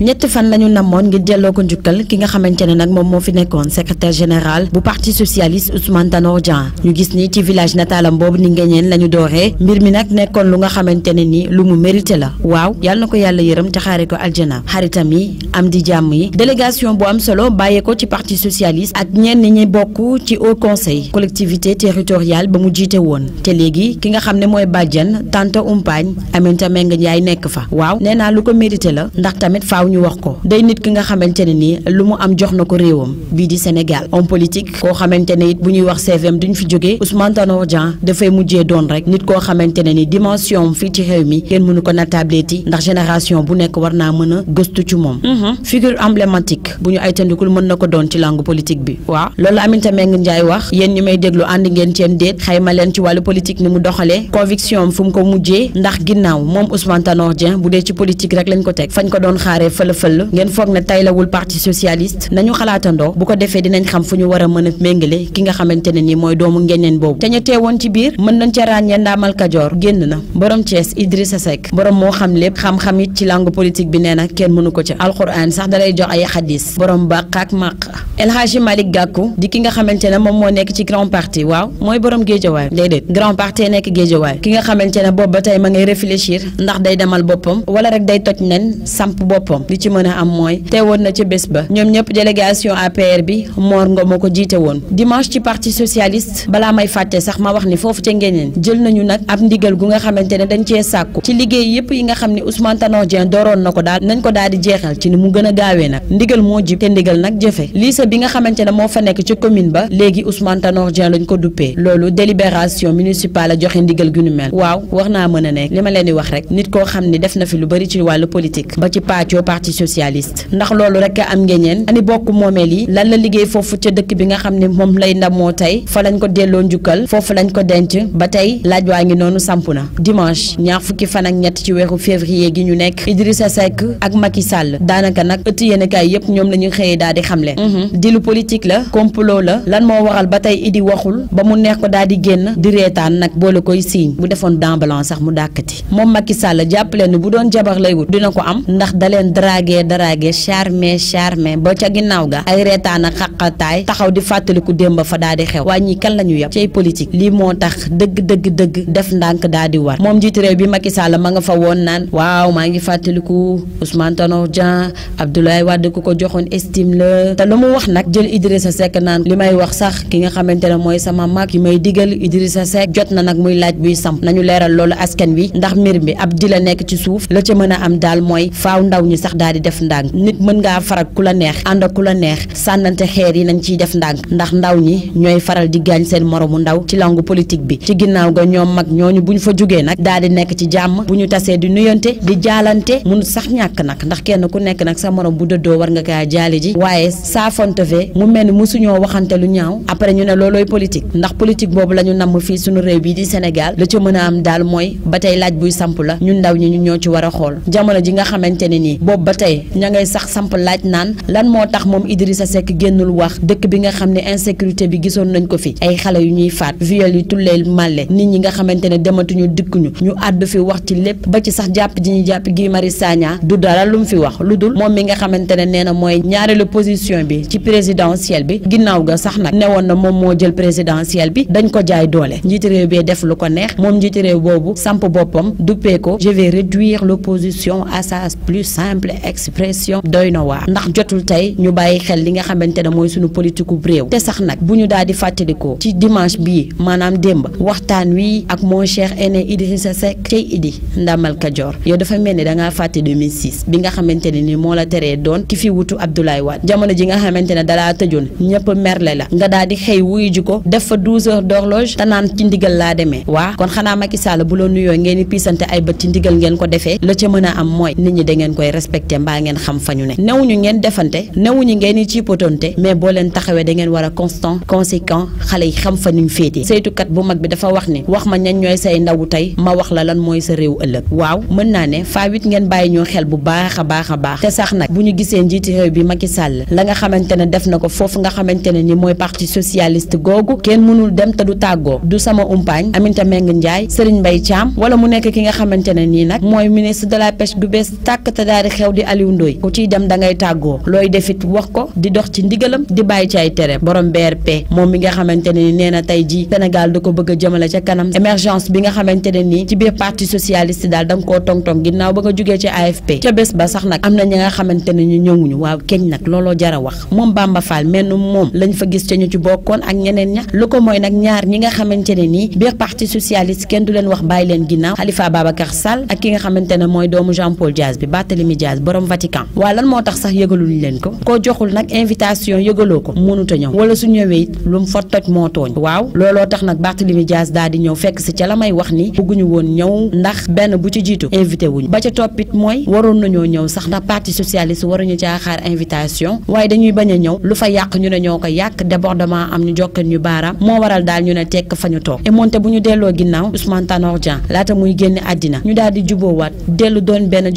ñetti fan la ñu namoon ngir jelloo ko njukkal ki nga xamante ne nag moom moo fi nekkoon secrétaire général bu parti socialiste Ousmane Tanor Dieng ñu gis ni ci village nataalam boobu ni ngéñeen la ñu dooree mbir mi nag nekkoon lu nga xamante ne ni lu mu mérité la waaw yàlla na ko yàlla yërëm te xaare ko aljana xaritam yi am di jàmm yi délégation bu am solo bàyyee ko ci parti socialiste ak ñenn ñi bokk ci haut conseil collectivité territoriale ba mu jiite woon te léegi ki nga xam ne mooy bàjjan tante umpaañ Aminata Mbengue Ndiaye nekk fa faaw ñu wax ko day ne nii lu mu am jox na ko ne it bu ñuy wax CVM duñ fi jógee Ousmane Tanor Dieng dafay mujjee doon rek nit koo xamante ne ni dimension fii mi kenn mënu ko nattableeti ndax génération bu nekk war naa mën a gëstu ci moom mhm. figure emblématique bu ñu ay tandikul mën na ko doon ci langue politique bi waaw loolu a Mbengue Ndiaye wax yéen ñi may déglu ànd ngeen ceen déet xayma leen ci wàllu politique ni mu doxalee conviction fu mu ko mujjee ndax ginnaaw moom Ousmane Tanor bu dee ci politique rek lañ ko teg fañ ko doon xaaree fëlëfël ngeen foog ne taylawul parti socialiste nañu xalaatandoo bu ko defee dinañ xam fu ñu war a mën a méngale ki nga xamante ne nii mooy doomu ngeneen boobu te ña teewoon ci biir mën nañ ca ràññee ndaamal kajoor génn na borom Thiès Idrissa Seck boroom moo xam lépp xam-xam it ci langue politique bi nee na kenn mënu ko ci alxuraan sax dalay jox ay xadis boroom bàq ak màq El Hadji Malick Gakou di ki nga xamante ne moom moo nekk ci grand parti waaw mooy borom géejawaay déedéet grand parti nekk géejawaay ki nga xamante ne boobu ba tey ma ngay réfléchir ndax day demal boppam wala rek day toj nen samp boppam li ci mën a am mooy teewoon na ci bés ba ñoom ñëpp délégation APR bi Mor Ngom moo ko jiite woon dimanche ci parti socialiste balaa may fàtte sax ma wax ni foofu ca ngeneen jël nañu nag ab ndigal gu nga xamante ne dañ cee sàkku ci liggéey yëpp yi nga xam ne Ousmane Tanor Dieng dooroon na ko daal nañ ko daal di jeexal ci ni mu gën a gaawee nag ndigal moo jib te ndigal nag jëfe lycée bi nga xamante ne moo fa nekk ca commune ba léegi Ousmane Tanor Dieng ko duppee loolu délibération municipale a joxe ndigal gu ñu mel waaw wax naa mën a li ma leen di wax rek nit koo xam ne def na fi lu bari ci wàllu politique ba parti socialiste ndax loolu rek am ngeen ani bokk moomeel yi lan la liggéey foofu ca dëkk bi nga xam ne moom lay ndamoo tey fa lañ ko delloo njukkal foofu lañ ko denc ba tey laaj waa ngi noonu samp na dimanche ñaar fukki fan ak ñett ci weeru février gi ñu nekk Idrissa Seck ak Macky Sall daanaka nag ëtt yéenekaay yépp ñoom la ñu xëyee daal di xamle mhm. dilu politique la complot la lan moo waral ba tey Idi waxul ba mu neex ko daal di génn di reetaan na boole koy siiñ bu defoon demblan mu dàkkati moom Macky Sall jàpp leen bu doon daraage daraage charme charme ba ca ginnaaw ga ay reetaan ak xaqataay taxaw di fàttaliku démb fa daa di xew waa ñi kan la ñu yab cay politique lii moo tax dëgg dëgg dëgg def ndànk daa di war moom jiitu réew bi Macky Sall ma nga fa woon naan waaw maa ngi fàttaliku Ousmane Tanor Dieng Abdoulaye Wade ku ko joxoon estime la te lu mu wax nag jël sa sekk naan li may wax sax ki nga xamante ne mooy sama mag ki may digal sa Seck jot na nag muy laaj buy samp nañu leeral loolu askan wi ndax mbir mi ab di la nekk ci suuf la ca mën wax daal di def ndànk nit mën ngaa farak ku la neex ànd ak ku la neex sànnante xeer yi nañ ciy def ndànk ndax ndaw ñi ñooy faral di gaañ seen moromu ndaw ci langu politique bi ci ginnaaw ga ñoom mag ñooñu bu ñu fa jógee nag daal di nekk ci jàmm bu ñu tasee di nuyante di jaalante mun sax ñàkk nag ndax kenn ku nekk nag sa moroom bu dëddoo war nga kaa jaale ji waaye saafonte fee mu mel ni musuñoo waxante lu ñaaw après ñu ne loolooy politique ndax politique boobu la ñu namm fii suñu réew bi di Sénégal la ci mën a am daal mooy ba laaj buy samp la ñun ndaw ñi ñu ñoo ci war a xool ba tey ña ngay sax samp laaj naan lan moo tax moom Idrissa Seck génnul wax dëkk bi nga xam ne insécurité bi gisoon nañ ko fi ay xale yu ñuy faat viol yu tulleel màlle nit ñi nga xamante ne dematuñu dikkuñu ñu àddu fi wax ci lépp ba ci sax jàpp ji ñu jàpp Guy Marius Sagna du dara lu mu fi wax lu dul moom mi nga xamante ne nee na mooy ñaareelu position bi ci présidentielle bi ginnaaw ga sax nag woon na moom moo jël présidentielle bi dañ ko jaay doole njiiti réew bee def ko neex moom njiiti réew boobu samp boppam duppee expression doy na waar ndax jotul tey ñu bàyyi xel li nga xamante ne mooy suñu politique gu réew te sax nag bu ñu daal di fàttalikoo ci dimanche bi maanaam démb waxtaan wi ak mon cher aîné Idrissa Seck tey Idi Ndamal Kajoor yow dafa mel ni da ngaa fàtte 2006 bi nga xamante ne ni moo la teree doon ki fi wutu Abdoulaye Wade jamono ji nga xamante ne dalaa tëjoon ñëpp merle la nga daal di xëy wuyu ji ko def fa 12 heures d'horloge te naan ci ndigal laa demee waa kon xanaa Macky Sall bu la nuyoo ngeen di piisante ay bët ci ndigal ngeen ko defee la ca mën a am mooy nit ñi respecté mbaa ngeen xam fa ñu ne newuñu ngeen defante newuñu ngeen i ci potonte mais boo leen taxawee da ngeen a constant conséquent xale yi xam fa ñu féetee saytukat bu mag bi dafa wax ni wax ma ñan ñooy say ndawu tey ma wax la lan mooy sa réew ëllëg waaw mën naa ne faawit ngeen bàyyi ñoo xel bu baax a baax a baax te sax nag bu ñu gisee njiiti réew bi Macky Sall la nga xamante ne def na ko foofu nga xamante ne ni mooy parti socialiste googu kenn mënul dem te du tàggoo du sama umpaañ Aminata Mbengue Ndiaye Serigne Mbaye Thiam wala mu nekk ki nga xamante ne nii nag mooy ministre de la pêche gu bees tàkk te xew di Aliou Ndoye ku ko di dox ci ndigalam di bàyyi ci ay tere borom ne ni tey jii Sénégal da ko bëgg a jëmale ca kanam émergence bi nga xamante ne nii ci biir parti socialiste daal da nga koo tong-tong ginnaaw ba nga jógee ci AFP ca bés ba sax nag am na ñi nga xamante ne ñu ñëwuñu waaw keñ nag looloo jara wax moom Bamba Fall menn moom lañ fa gis ca ñu ci bokkoon ak ñeneen ña lu ko mooy nag ñaar ñi nga xamante ne nii biir parti socialiste kenn du leen wax bàyyi leen ginnaaw Khalifa Babacar Sall ak ki nga xamante ne mooy doomu Jean Paul Diaz bi Barthélémy Diaz Diaz borom Vatican waa lan moo tax sax yëgaluñu leen ko koo joxul nag invitation yëgaloo ko mënut a ñëw wala su ñëwee lu mu fa toj moo tooñ waaw looloo tax nag Barthélemy Diaz daal di ñëw fekk si ca la may wax ni bëgguñu woon ñëw ndax benn bu ci jiitu invité wuñu ba ca toppit mooy waroon nañoo ñëw sax ndax parti socialiste waruñu caa xaar invitation waaye dañuy bañ a ñëw lu fa yàq ñu ne ñoo ko yàq débordement am ñu jokkeen ñu baaraam moo waral daal ñu ne tekk fa ñu toog bu ñu delloo ginnaaw Ousmane Tanor Dieng laata muy génn àddina ñu daal di juboowaat dellu doon benn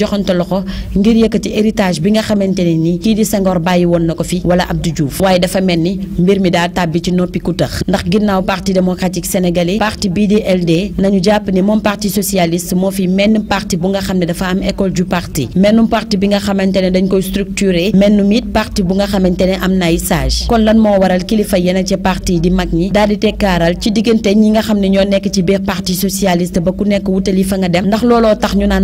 ngir yëkkati héritage bi nga xamante ne nii kii di Senghor bàyyi woon na ko fi wala Abdou Diouf waaye dafa mel ni mbir mi daa tàbbi ci noppi ku tëx ndax ginnaaw parti démocratique sénégalais parti bii di LD nañu jàpp ni moom parti socialiste moo fi menn parti bu nga xam ne dafa am école parti mennum parti bi nga xamante ne dañ koy structuré mennum it parti bu nga xamante ne am na ay sage kon lan moo waral kilifa yeneen ci parti di mag ñi daal di tekkaaral ci diggante ñi nga xam ne ñoo nekk ci biir parti socialiste ba ku nekk wutali fa nga dem ndax looloo tax ñu naan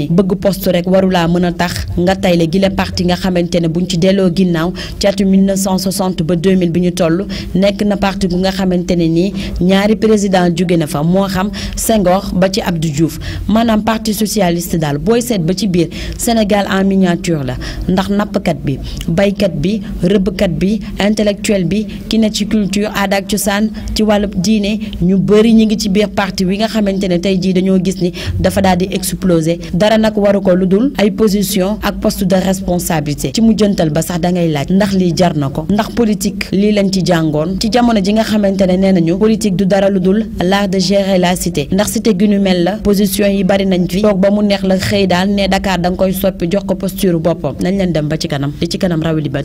ni bëgg poste rek warulaa mën a tax nga tayle gile parti nga xamante ne buñ ci delloo ginnaaw ci atu 1960 ba 2000 bi ñu toll nekk na parti bu nga xamante ne nii ñaari président jóge na fa moo xam Senghor ba ci Abdou Diouf maanaam parti socialiste daal booy seet ba ci biir Sénégal en miniature la ndax nappkat bi baykat bi rëbbkat bi intellectuel bi ki na ci culture aada ak cosaan ci wàllub diine ñu bëri ñu ngi ci biir parti wi nga xamante ne tey jii dañoo gis dara nag waru ko lu dul ay position ak poste de responsabilité ci mujjantal ba sax da ngay laaj ndax lii jar na ko ndax politique lii lañ ci jàngoon ci jamono ji nga xamante ne nee nañu politique du dara lu dul l'art de gérer la cité ndax cité gi ñu mel la position yi bari nañ fi toog ba mu neex la xëy daal ne Dakar da koy soppi jox ko posture boppam nañ leen dem ba ci kanam li ci kanam rawli ba